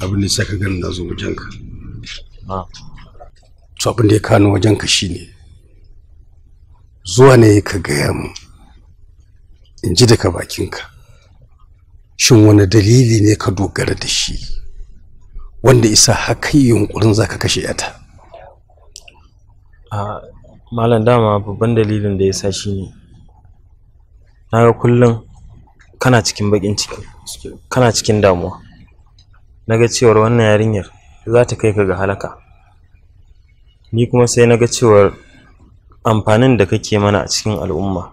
abin da sai ka gani na zo wajen ka to ah. abin da ya kano wajen ka shine zuwa ne ka gaya mu in ji daga bakinka shin wani dalili ne ka dogara da shi wanda isa haka yunkurin za ka kashe yata ah, malam dama babban dalilin da ya sa shi ne na ga kullum kana cikin bakin ciki kana cikin damuwa na ga cewar wannan yarinyar za ta kai ka ga halaka ni kuma sai na ga cewar amfanin da kake mana a cikin al'umma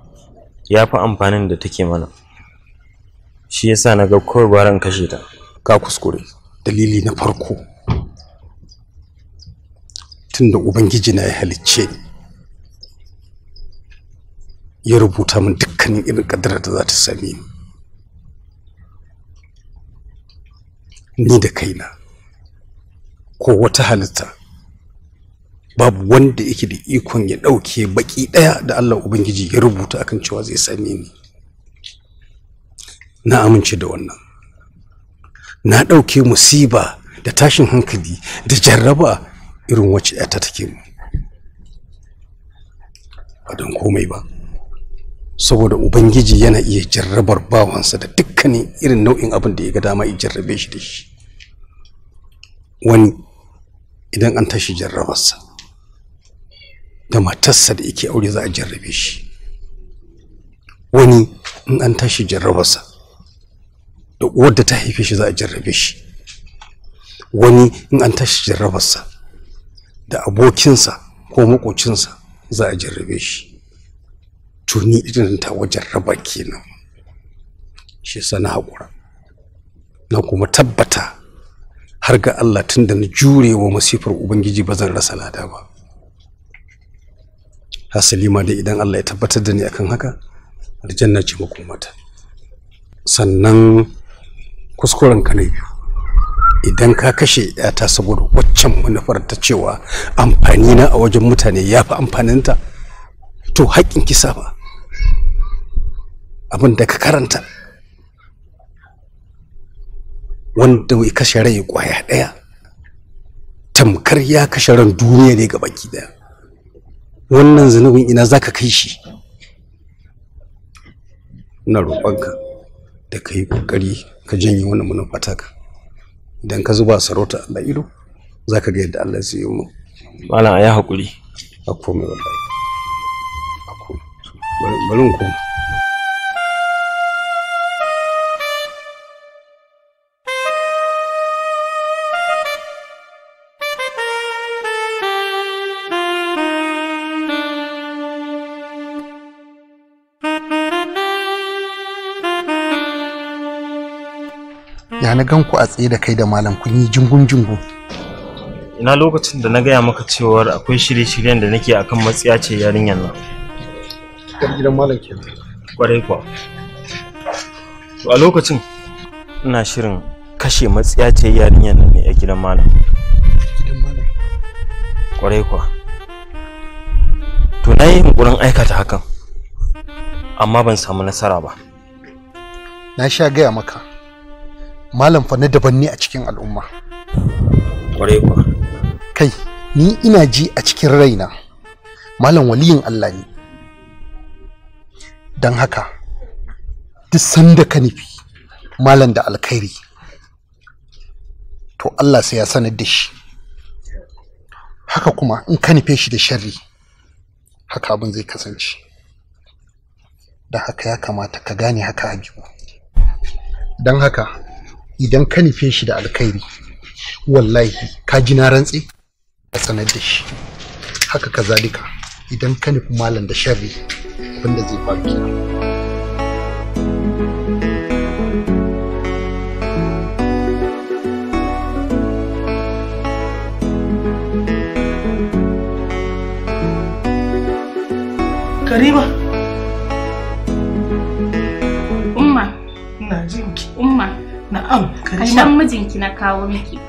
ya fi amfanin da take mana shi yasa na ga kawai baran kashe ta ka kuskure dalili na farko tunda ubangiji na ya halicce ya rubuta min dukkanin irin kaddarar da za ta sami ni ni da kaina ko wata halitta babu wanda yake da ikon ya ɗauke baki ɗaya da Allah Ubangiji ya rubuta akan cewa zai same ni na amince da wannan na ɗauke musiba da tashin hankali da jarraba irin wacce ta take mu ba don komai ba saboda ubangiji yana iya jarrabar bawansa da dukkanin irin nau'in abin da ya ga dama ya jarrabe shi da shi wani idan an tashi jarrabarsa da matarsa da yake aure za a jarrabe shi wani in an tashi jarrabarsa da uwar da ta haife shi za a jarrabe shi wani in an tashi jarrabarsa da abokinsa ko makocinsa za a jarrabe shi tuni idan ta wajen raba kenan shi sana haƙura na kuma tabbata har ga Allah tun da na jure wa masifar Ubangiji ba zan rasa lada ba. Hasalima da idan Allah ya tabbatar da ni akan haka, aljanna ce mata. Sannan kuskuren ka ne idan ka kashe ta saboda waccan manufar ta cewa amfani na a wajen mutane ya fi amfaninta to haƙƙin kisa ba abin da ka karanta wanda ya kashe rai kwaya ɗaya tamkar ya kashe ran duniya ne ga baki ɗaya wannan zunubin ina za ka kai shi ina roƙonka da ka yi ƙoƙari ka janye wannan manufa ka. idan ka zuba sarauta Allah ido za ka ga yadda Allah zai yi mu malam a yi haƙuri a komai wallahi a komai bari mu koma ya na gan ku a tsaye da kai da malam kun yi jingun jingun ina lokacin da na gaya maka cewar akwai shirye-shiryen da nake akan matsiya ce yarinyar nan kan gidan malam ke kwarai kuwa to a lokacin ina shirin kashe matsiya ce yarinyar nan ne a gidan malam gidan malam kwarai kuwa to na yi aika aikata hakan amma ban samu nasara ba na sha gaya maka malam fa na daban ne a cikin al'umma kwarai kwa. kai ni ina ji a cikin raina malam waliyin Allah ne don haka duk sanda ka nufi malam da alkhairi to Allah sai ya sanar da shi haka kuma in ka nufe shi da sharri haka abin zai kasance don haka ya kamata ka gane haka abu don haka idan ka nufe shi da alkhairi wallahi ka ji na rantse ka sanar da shi haka kazalika idan ka nufi malam da sharri abinda zai faru Kariba. namijinki na kawo miki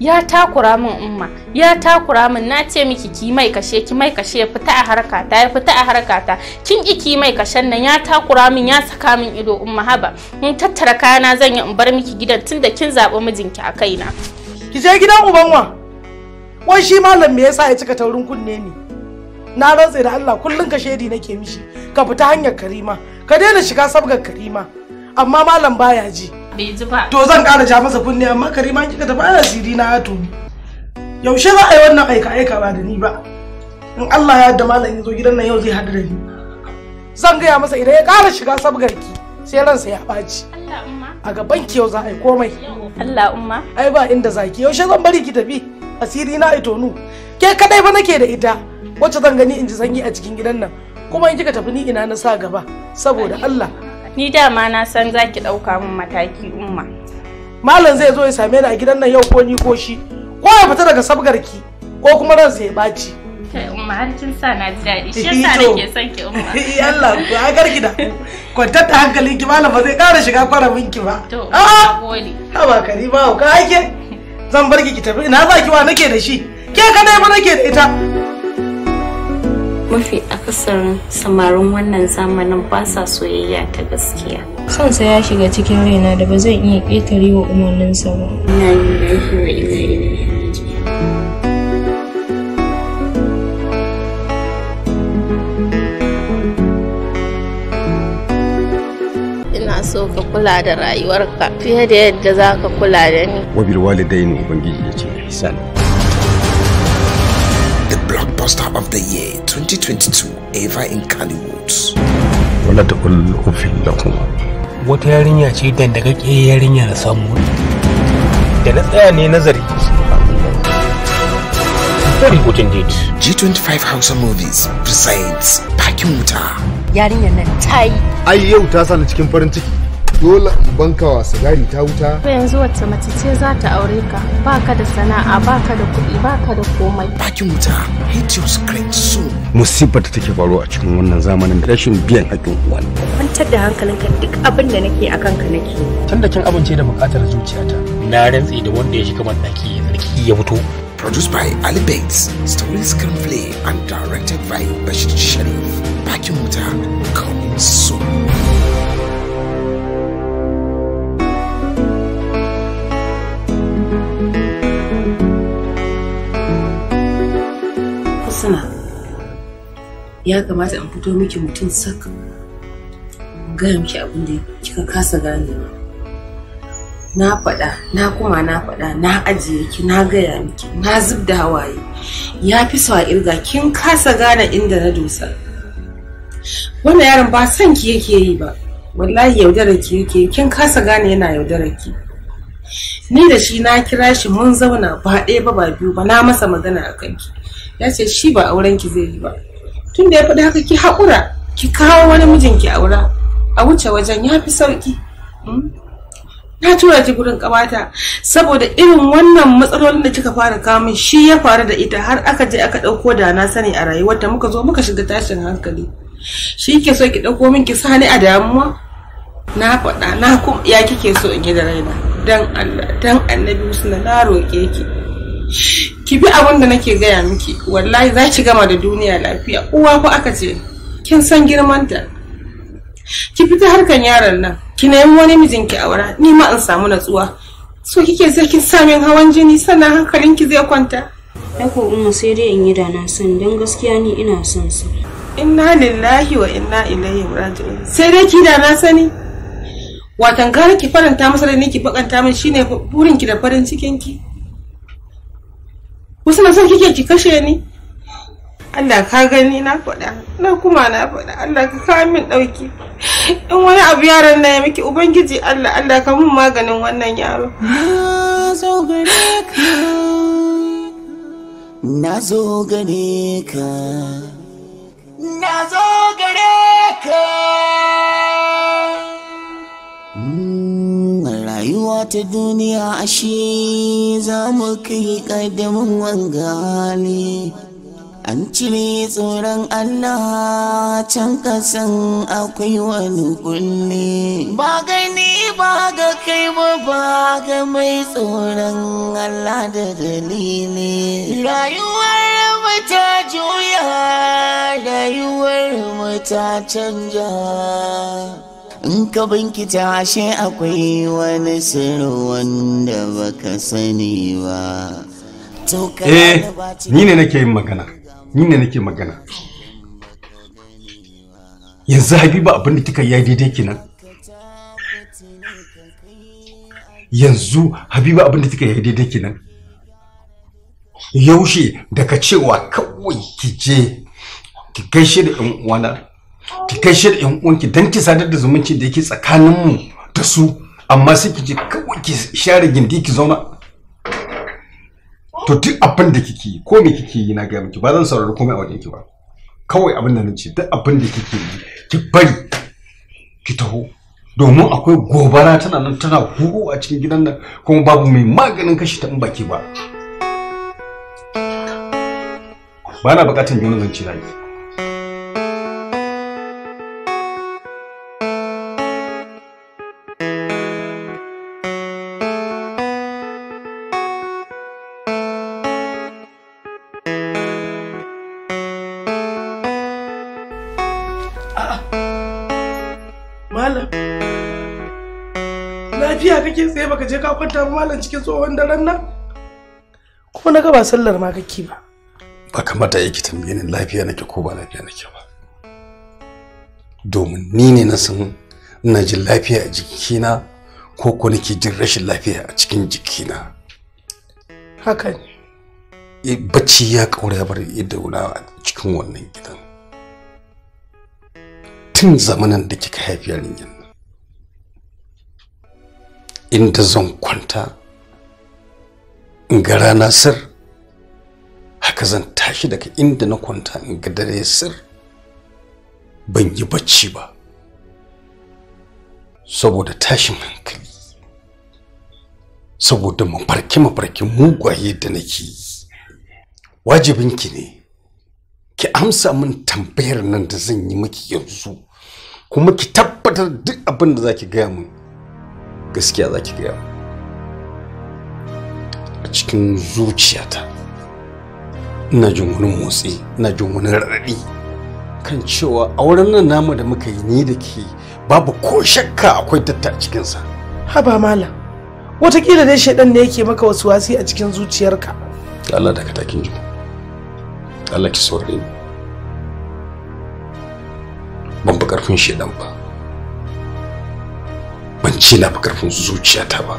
ya takura min umma ya takura min na ce miki ki mai kashe ki mai kashe fita a harkata ya fita a harkata kin ki ki mai kashen nan ya takura min ya saka min ido umma haba in tattara kayana zan yi in bar miki gidan tunda kin zaɓi mijinki a kaina ki je gidan uban wa wai shi malam me yasa ya cika taurin kunne ni na rantse da Allah kullun ka shedi nake mishi ka fita hanyar karima ka daina shiga sabgar karima amma malam baya ji bai ji ba to zan ƙara ja masa kunne amma karima kika tafi ana siri na to yaushe za a yi wannan aika aika ba da ni ba in Allah ya yarda malam ya zo gidan nan yau zai haɗu da ni zan gaya masa idan ya kara shiga sabgarki sai ransa ya ɓaci a gaban ki yau za a yi komai Allah umma ai ba inda zaki yaushe zan bari ki tafi asiri na tonu ke kadai ba nake da ita wacce zan gani in ji sanyi a cikin gidan nan kuma in kika tafi ni ina na sa gaba saboda Allah Ni dama na san za ki ɗauka min mataki umma. Malam zai zo ya same ni a gidan nan yau ko ni ko shi. Ko ya fita daga sabgarki ko kuma ran sai ya baci. Kai umma har kin sa na ji daɗi. Shi yasa nake son ki umma. Eh, Allah ku a garki da. Kwantar da hankali ki malam ba zai ƙara shiga kwaramin ki ba. To, na gode. Haba kari ba ka aike. Zan bar ki ki tafi ina za ki wa nake da shi. Ke kadai ba nake da ita. mafi akasarin samarin wannan zamanin ba sa soyayya ta gaskiya sansa ya shiga cikin raina da ba zan iya ƙetare wa umarninsa ba ina ina so ka kula da rayuwarka fiye da yadda za ka kula da ni. Wabil ne Ubangiji ya ce ihsan. Blockbuster of the Year 2022 ever in Kannywood. Wala ta ofin lakum. Wata yarinya ce dan da ke yarinya na samu. Da na tsaya ne nazari. Very good indeed. G25 Hausa Movies presents Bakin Wuta. Yarinyar nan ta yi. Ai yau ta sani cikin farin ciki. dole in bankawa sigari ta wuta. To yanzu wacce mace ce za ta aure ka ba ka da sana'a ba ka da kuɗi ba ka da komai. Bakin wuta "Hit your screen so. Musibar da take faruwa a cikin wannan zamanin rashin biyan haƙƙin uwan. Kwantar da hankalinka duk abin da nake a kanka nake. Tun da kin amince da bukatar zuciyata na rantse da wanda ya shiga mandaki ya tsarki ya fito. Produced by Ali Bates, story screenplay and directed by Bashir Sharif. Bakin wuta coming soon. ya kamata in fito miki mutum sak gaya miki abin da kika kasa ganewa na faɗa na kuma na faɗa na ajiye ki na gaya miki na zub da hawaye ya fi sawa irga kin kasa gane inda na dosa wannan yaron ba son ki yake yi ba wallahi yaudarar ki yake kin kasa gane yana yaudarar ki ni da shi na kira shi mun zauna ba ɗaya ba ba biyu ba na masa magana a kanki ya ce shi ba auren ki zai yi ba tun da ya faɗi haka ki haƙura ki kawo wani mijin ki aura a wuce wajen ya fi sauƙi hmm? na tura ki gurin kamata saboda irin wannan matsalolin da kika fara kamun shi ya faru da ita har aka je aka ɗauko da na sani a rayuwarta muka zo muka shiga tashin hankali shi ke so ki ɗauko min ki sani a damuwa na faɗa na kuma ya kike so in yi da raina dan annabi dan na roƙe ki ki bi abin da nake gaya miki wallahi za ki gama da duniya lafiya uwa ko aka ce kin san girmanta ki fita harkan yaron nan ki nemi wani mijinki aura ni ma in samu natsuwa so kike sai kin samin hawan jini sannan hankalinki zai kwanta ko umma sai dai in yi da na san don gaskiya ni ina son su. Inna lillahi wa inna ilaihi raji'un. Sai dai ki da na sani. Watan gara ki faranta masa da ni ki bakanta min shine burin ki da farin cikin ki. wasu na son kike ki kashe ni Allah ka gani na faɗa na kuma na faɗa Allah ka kawo min ɗauki in wani abu yaron na ya miki ubangiji Allah Allah ka mun maganin wannan yaro na zo gane ka na zo ka na zo ta duniya ashe za mu kai ƙadamin wangale an cire tsoron Allah can kasan akwai wani kulle ba gani ba ga kai ba ba ga mai tsoron Allah da dalili rayuwar mata juya rayuwar mu ta canja in ka binkita ashe akwai wani sirri wanda baka sani ba eh ni ne nake yin magana ni ne nake magana yanzu habiba abin da kika yi daidai kenan yanzu habiba abin da kika yi daidai kenan yaushe daga cewa kawai kije ki gaishe da yan uwana ki kashe da yan uwanki dan ki sadar da zumunci da yake tsakaninmu da su amma sai ki je kawai ki share gindi ki zauna to duk abin da kike ko me kike yi na ga miki ba zan saurari komai a wajen ki ba kawai abin da nace duk abin da kike yi ki bari ki taho domin akwai gobara tana nan tana huro a cikin gidan nan kuma babu mai maganin kashe ta in baki ba ba na bukatan yi zan ci na yi Malam. Lafiya kake tsaye baka je ka kwanta ba malam cikin tsohon daren nan? Kuma na ba sallar ma kake ba. Ba kamata yake tambaye ni lafiya nake ko ba lafiya nake ba. Domin ni ne na san ina jin lafiya a jikina ko ko nake jin rashin lafiya a cikin jikina. Haka ne. Eh, bacci ya kaura ya bar ido na cikin wannan gidan. tun zamanin da kika haifi yarinyar nan inda zan kwanta in ga rana sir haka zan tashi daga inda na kwanta in ga dare sir ban yi bacci ba saboda tashin hankali saboda mafarki mafarki mugaye da nake wajibinki ne ki amsa min tambayar nan da zan yi miki yanzu kuma ki tabbatar duk abin da zaki gaya mun gaskiya zaki gaya mu a cikin zuciyata ina jin wani motsi ina jin wani raɗaɗi kan cewa auren nan namu da muka yi ni da ke babu ko shakka akwai tatta a cikinsa haba malam watakila dai shaidan ne yake maka wasu wasi a cikin zuciyarka Allah da takin ji Allah ki saurare ni ban fi karfin shedan ba ban ce na fi karfin zuciyata ba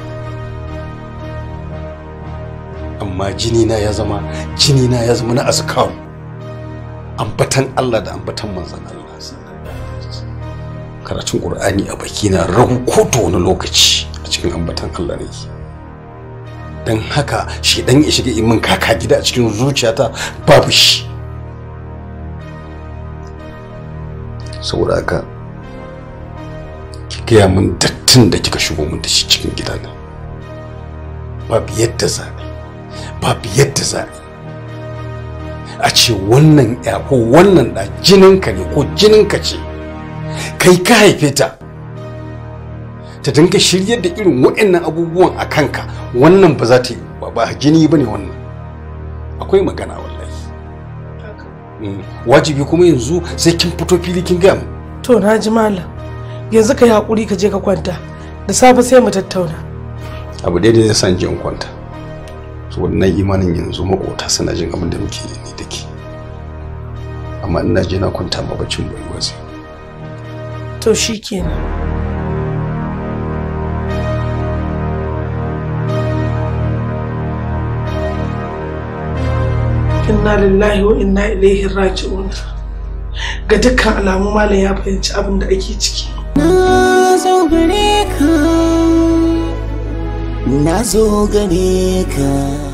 amma jini na ya zama jini na ya zama na azkaru ambatan Allah da ambatan manzon Allah karatun Qur'ani a baki na rahu ko to wani lokaci a cikin ambatan Allah ne dan haka shedan ya shiga imin kaka gida a cikin zuciyata babu shi saboda haka ki gaya min dattin da kika shigo min da shi cikin gidana babu yadda za a babu yadda za a a ce wannan ya ko wannan da jininka ne ko jininka ce kai ka haife ta ta dinka shiryar da irin waɗannan abubuwan a kanka wannan ba za ta yi ba jini ba ne wannan akwai magana ba wajibi kuma yanzu sai kin fito fili kin gaya to na ji malam yanzu ka yi hakuri ka je ka kwanta da safe sai mu tattauna abu dai da zai san jin kwanta saboda na imanin yanzu makota suna jin abin da muke yi ni da ke amma ina je na kwanta ma bacin bai wasu to shikenan inna lillahi wa inna ilaihi raji'un ga dukkan alamu malam ya fahimci abin da ake ciki na zo gare ka na zo gare ka